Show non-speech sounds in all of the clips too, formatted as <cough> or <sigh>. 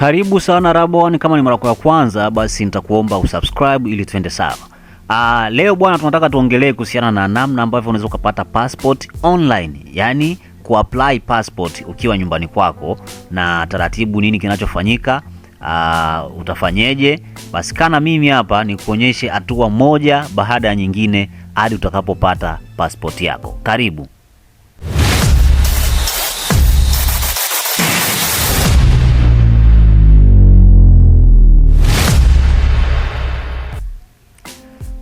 Karibu sana Rabaone, kama ni mara ya kwanza basi nitakuomba usubscribe ili tuende sawa. Ah, leo bwana tunataka tuongelee kuhusiana na namna ambavyo unaweza kupata passport online, yani kuapply passport ukiwa nyumbani kwako na taratibu, nini kinachofanyika, aa, ah, utafanyeje? Basi kana mimi hapa nikuonyeshe hatua moja baada ya nyingine hadi utakapopata passport yako. Karibu.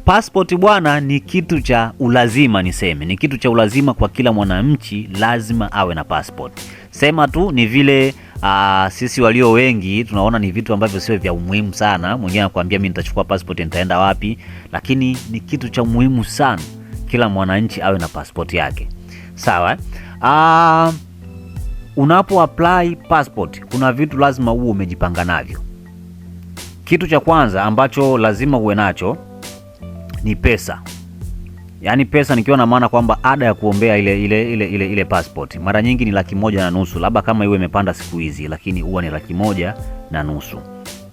passport bwana, ni kitu cha ulazima, niseme ni kitu cha ulazima kwa kila mwananchi, lazima awe na passport. Sema tu ni vile uh, sisi walio wengi tunaona ni vitu ambavyo sio vya umuhimu sana. Mwingine anakuambia mimi nitachukua passport nitaenda wapi, lakini ni kitu cha muhimu sana, kila mwananchi awe na passport yake, sawa uh, unapo apply passport kuna vitu lazima uwe umejipanga navyo. Kitu cha kwanza ambacho lazima uwe nacho ni pesa. Yaani pesa nikiwa na maana kwamba ada ya kuombea ile ile ile ile, ile passport mara nyingi ni laki moja na nusu, labda kama iwe imepanda siku hizi, lakini huwa ni laki moja na nusu.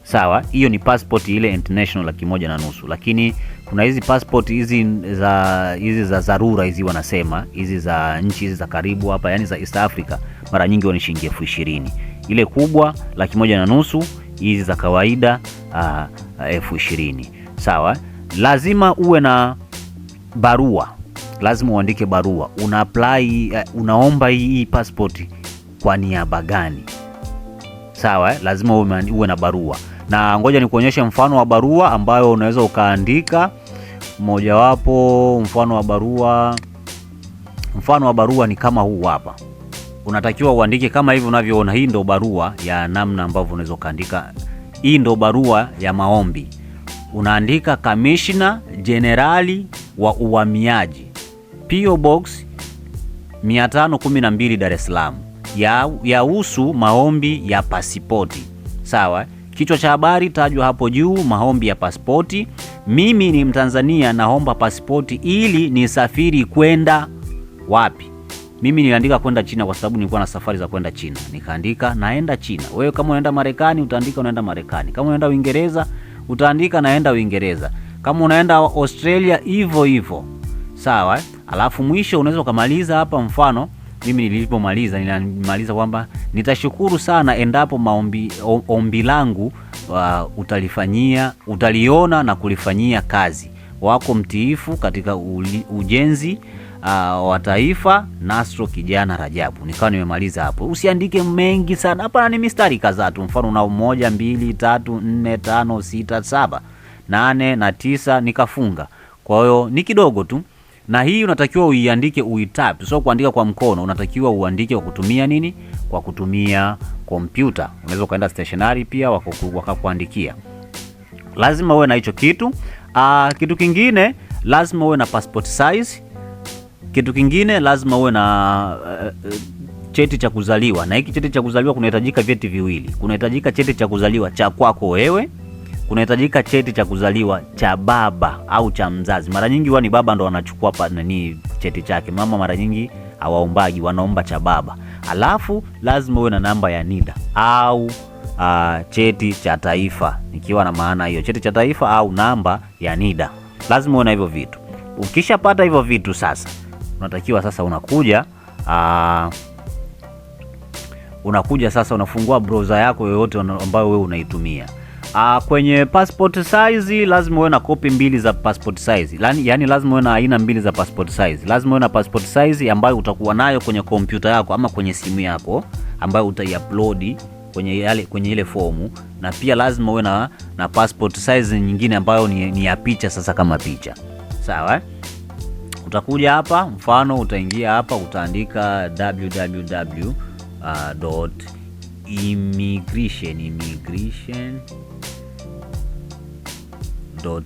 Sawa, hiyo ni passport ile international laki moja na nusu, lakini kuna hizi passport hizi za hizi za dharura hizi wanasema hizi za nchi hizi za karibu hapa, yani za East Africa, mara nyingi ni shilingi elfu ishirini ile kubwa laki moja na nusu, hizi za kawaida ah, elfu ishirini. Sawa lazima uwe na barua, lazima uandike barua. Una apply, eh, unaomba hii passport kwa niaba gani? Sawa eh? Lazima uwe na barua, na ngoja nikuonyeshe mfano wa barua ambayo unaweza ukaandika mojawapo Mfano wa barua, mfano wa barua ni kama huu hapa unatakiwa uandike kama hivi unavyoona. Hii ndo barua ya namna ambavyo unaweza ukaandika. Hii ndo barua ya maombi unaandika Kamishna Jenerali wa Uhamiaji, PO Box 512 Dar es Salaam, yahusu ya maombi ya pasipoti. Sawa, kichwa cha habari tajwa hapo juu, maombi ya pasipoti. Mimi ni Mtanzania, naomba pasipoti ili nisafiri kwenda wapi? Mimi niliandika kwenda China kwa sababu nilikuwa na safari za kwenda China, nikaandika naenda China. Wewe kama unaenda Marekani utaandika unaenda Marekani, kama unaenda Uingereza utaandika naenda Uingereza, kama unaenda Australia hivyo hivyo, sawa. Eh? Alafu mwisho unaweza ukamaliza hapa. Mfano mimi nilipomaliza, nilimaliza kwamba nitashukuru sana endapo maombi ombi langu uh, utalifanyia utaliona na kulifanyia kazi, wako mtiifu katika ujenzi uh, wa taifa Nasro kijana Rajabu. Nikawa nimemaliza hapo. Usiandike mengi sana hapana, ni mistari kadhaa tu, mfano una moja, mbili, tatu, nne, tano, sita, saba, nane na tisa, nikafunga. Kwa hiyo ni kidogo tu, na hii unatakiwa uiandike uitap, sio kuandika kwa mkono, unatakiwa uandike kwa kutumia nini? Kwa kutumia kompyuta. Unaweza ukaenda stationary pia wakakuandikia. Lazima uwe na hicho kitu. Aa, ah, kitu kingine lazima uwe na passport size kitu kingine lazima uwe na uh, cheti cha kuzaliwa, na hiki cheti cha kuzaliwa kunahitajika vyeti viwili. Kunahitajika cheti cha kuzaliwa cha kwako wewe, kunahitajika cheti cha kuzaliwa cha baba au cha mzazi. Mara nyingi huwa ni baba ndo wanachukua nani cheti chake, mama mara nyingi hawaombaji, wanaomba cha baba. Alafu lazima uwe na namba ya NIDA au uh, cheti cha taifa, nikiwa na maana hiyo, cheti cha taifa au namba ya NIDA. Lazima uwe na hivyo vitu. Ukishapata hivyo vitu sasa unatakiwa sasa unakuja aa, ah, unakuja sasa unafungua browser yako yoyote ambayo wewe unaitumia. Aa, ah, kwenye passport size lazima uwe na kopi mbili za passport size. Lani, yani lazima uwe na aina mbili za passport size. Lazima uwe na passport size ambayo utakuwa nayo kwenye kompyuta yako ama kwenye simu yako ambayo utaiupload kwenye yale kwenye ile fomu, na pia lazima uwe na, na passport size nyingine ambayo ni, ni ya picha sasa kama picha. Sawa? Utakuja hapa, mfano utaingia hapa, utaandika www uh, immigration immigration go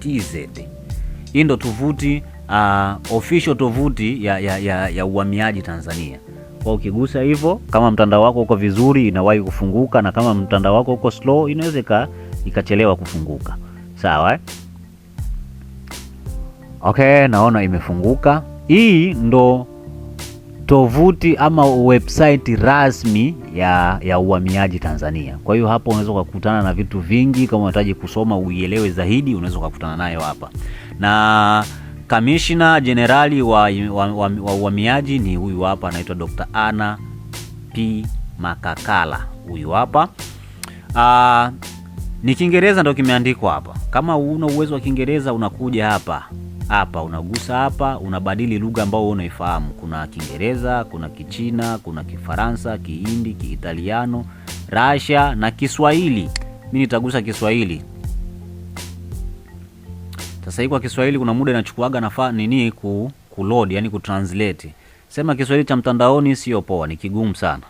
tz. Hii ndo tovuti uh, official tovuti ya, ya, ya, ya uhamiaji Tanzania. Kwa ukigusa hivyo, kama mtandao wako uko vizuri inawahi kufunguka, na kama mtandao wako uko slow inaweza ikachelewa kufunguka. Sawa eh? Okay, naona imefunguka. Hii ndo tovuti ama website rasmi ya, ya uhamiaji Tanzania. Kwa hiyo hapo unaweza kukutana na vitu vingi, kama unahitaji kusoma uielewe zaidi, unaweza kukutana nayo hapa. Na kamishna jenerali wa uhamiaji ni huyu hapa, anaitwa Dr. Anna P. Makakala, huyu hapa uh, ni Kiingereza ndo kimeandikwa hapa. Kama una uwezo wa Kiingereza unakuja hapa hapa unagusa hapa, unabadili lugha ambao wewe unaifahamu. Kuna Kiingereza, kuna Kichina, kuna Kifaransa, Kihindi, Kiitaliano, Russia na Kiswahili. Mimi nitagusa Kiswahili. Sasa hii kwa Kiswahili kuna muda inachukuaga nafaa nini ku, ku load yani ku translate. Sema Kiswahili cha mtandaoni sio poa, ni kigumu sana.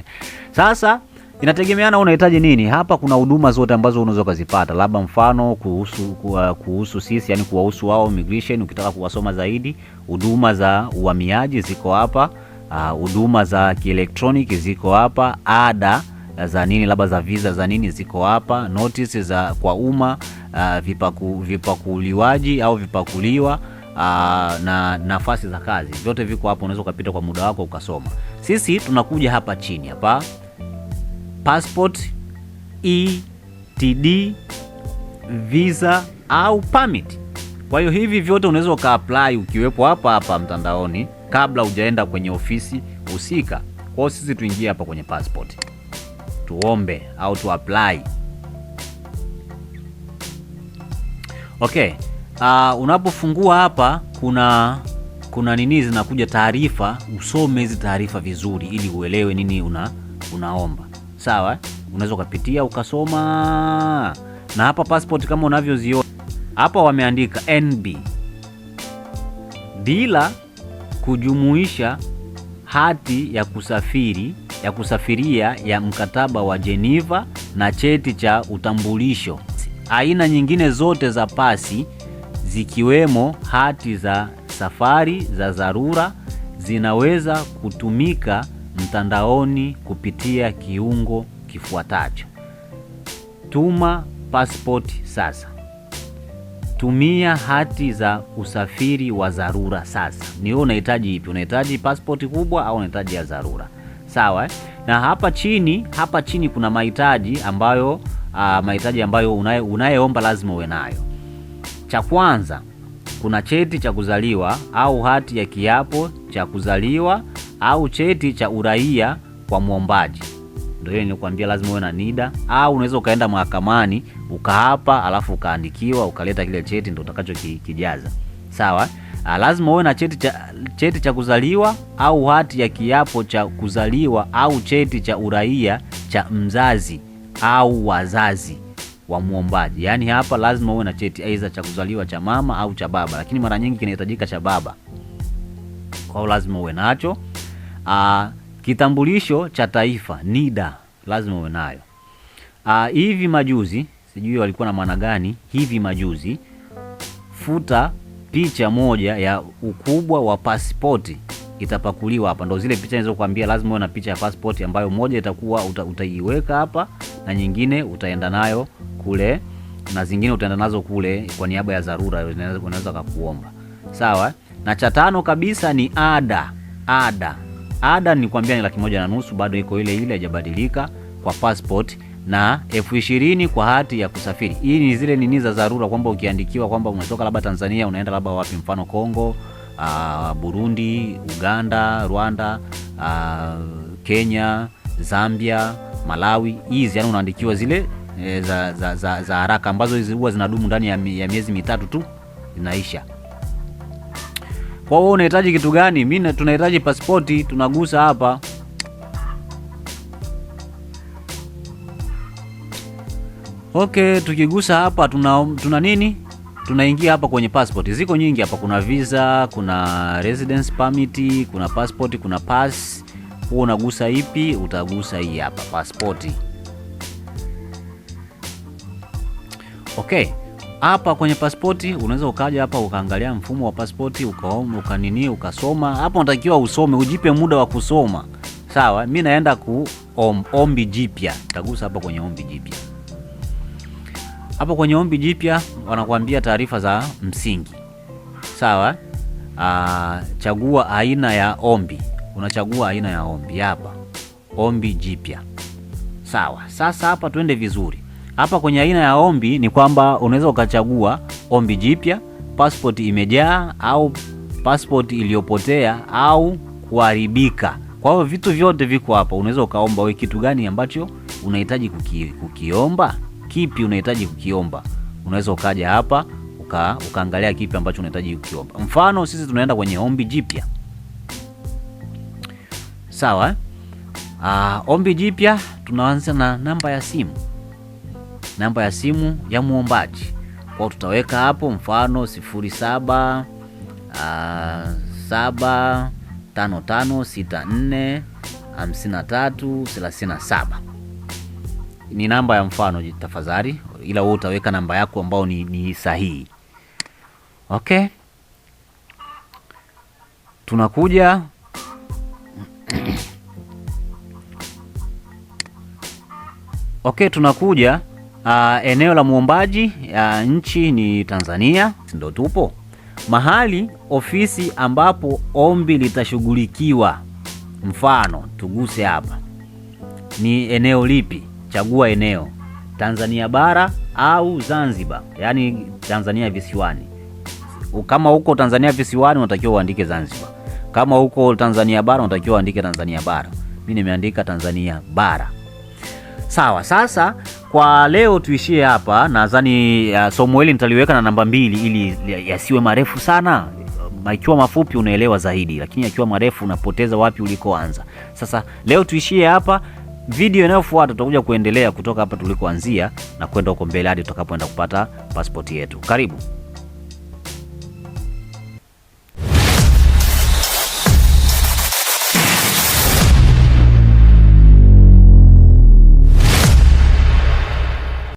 <laughs> Sasa Inategemeana unahitaji nini. Hapa kuna huduma zote ambazo unaweza ukazipata, labda mfano kuhusu, uh, kuhusu sisi, yani kuwahusu wao migration ukitaka kuwasoma zaidi. Huduma za uhamiaji ziko hapa, uh, huduma uh, za kielektroniki ziko hapa, ada za nini, labda za visa za nini ziko hapa, notice za kwa umma uh, vipaku, vipakuliwaji au vipakuliwa uh, na nafasi za kazi vyote viko hapo, unaweza ukapita kwa muda wako ukasoma. Sisi tunakuja hapa chini hapa passport, ETD, visa au permit. Kwa hiyo hivi vyote unaweza ukaapply ukiwepo hapa hapa mtandaoni kabla hujaenda kwenye ofisi husika. Kwa hiyo sisi tuingie hapa kwenye passport tuombe au tuapply. Okay. Uh, unapofungua hapa kuna kuna nini zinakuja taarifa, usome hizi taarifa vizuri ili uelewe nini una unaomba sawa, unaweza ukapitia ukasoma. Na hapa passport kama unavyoziona hapa, wameandika NB bila kujumuisha hati ya kusafiri ya kusafiria ya mkataba wa Geneva na cheti cha utambulisho. Aina nyingine zote za pasi zikiwemo hati za safari za dharura zinaweza kutumika mtandaoni kupitia kiungo kifuatacho: tuma pasipoti sasa, tumia hati za usafiri wa dharura sasa. Ni wewe unahitaji ipi? Unahitaji pasipoti kubwa au unahitaji ya dharura? Sawa eh? Na hapa chini, hapa chini kuna mahitaji ambayo Uh, mahitaji ambayo unayeomba lazima uwe nayo. Cha kwanza kuna cheti cha kuzaliwa au hati ya kiapo cha kuzaliwa au cheti cha uraia kwa mwombaji. Ndio hiyo nilikwambia, lazima uwe na NIDA, au unaweza ukaenda mahakamani ukaapa, alafu ukaandikiwa ukaleta kile cheti ndio utakachokijaza. Sawa, ah, lazima uwe na cheti cha, cheti cha kuzaliwa au hati ya kiapo cha kuzaliwa au cheti cha uraia cha mzazi au wazazi wa muombaji. Yaani hapa lazima uwe na cheti aidha cha kuzaliwa cha mama au cha baba, lakini mara nyingi kinahitajika cha baba, kwa hiyo lazima uwe nacho. Aa, ah, kitambulisho cha taifa NIDA lazima uwe nayo. Aa, ah, hivi majuzi sijui walikuwa na maana gani, hivi majuzi futa picha moja ya ukubwa wa pasipoti itapakuliwa hapa. Ndo zile picha nilizokuambia, lazima uwe na picha ya pasipoti ambayo moja itakuwa uta, utaiweka hapa na nyingine utaenda nayo kule na zingine utaenda nazo kule kwa niaba ya dharura, unaweza kukuomba. Sawa. Na cha tano kabisa ni ada, ada Ada nilikwambia ni laki moja na nusu, bado iko ile ile, haijabadilika kwa passport na elfu ishirini kwa hati ya kusafiri. Hii ni zile nini za dharura, kwamba ukiandikiwa kwamba umetoka labda Tanzania unaenda labda wapi, mfano Kongo, uh, Burundi, Uganda, Rwanda, uh, Kenya, Zambia, Malawi, hizi yani unaandikiwa zile e, za, za, za, za haraka ambazo hizi huwa zinadumu ndani ya miezi mitatu tu inaisha. Kwa hiyo unahitaji kitu gani? Mimi tunahitaji pasipoti, tunagusa hapa. Okay, tukigusa hapa tuna, tuna nini? Tunaingia hapa kwenye passport. Ziko nyingi hapa, kuna visa, kuna residence permit, kuna passport, kuna pass. Huo unagusa ipi? Utagusa hii hapa passport. Okay hapa kwenye pasipoti unaweza ukaja hapa ukaangalia mfumo wa pasipoti ukaona ukanini ukasoma. Hapa unatakiwa usome, ujipe muda wa kusoma. Sawa, mi naenda ku om, ombi jipya. Tagusa hapa kwenye ombi jipya. Hapa kwenye ombi jipya wanakuambia taarifa za msingi. Sawa, aa, ah, chagua aina ya ombi. Unachagua aina ya ombi hapa, ombi jipya. Sawa, sasa hapa tuende vizuri hapa kwenye aina ya ombi ni kwamba unaweza ukachagua ombi jipya, passport imejaa au passport iliyopotea au kuharibika. Kwa hiyo vitu vyote viko hapa, unaweza ukaomba we kitu gani ambacho unahitaji kuki, kukiomba kipi unahitaji kukiomba. Unaweza ukaja hapa uka, ukaangalia kipi ambacho unahitaji kukiomba. Mfano sisi tunaenda kwenye ombi jipya, sawa. Uh, ombi jipya tunaanza na namba ya simu namba ya simu ya muombaji. Kwa tutaweka hapo mfano 07 saba ah, saba ni namba ya mfano tafadhali, ila wewe utaweka namba yako ambayo ni, ni sahihi. Okay, tunakuja okay, tunakuja Uh, eneo la muombaji uh, nchi ni Tanzania, ndo tupo mahali ofisi ambapo ombi litashughulikiwa. Mfano tuguse hapa, ni eneo lipi? Chagua eneo Tanzania bara au Zanzibar, yaani Tanzania visiwani. Kama huko Tanzania visiwani unatakiwa uandike Zanzibar, kama huko Tanzania bara unatakiwa uandike Tanzania bara. Mimi nimeandika Tanzania bara. Sawa, sasa kwa leo tuishie hapa. Nadhani uh, somo hili nitaliweka na namba mbili ili yasiwe marefu sana. akiwa mafupi unaelewa zaidi, lakini akiwa marefu unapoteza wapi ulikoanza. Sasa leo tuishie hapa. Video inayofuata tutakuja kuendelea kutoka hapa tulikoanzia na kwenda huko mbele hadi tutakapoenda kupata pasipoti yetu. Karibu.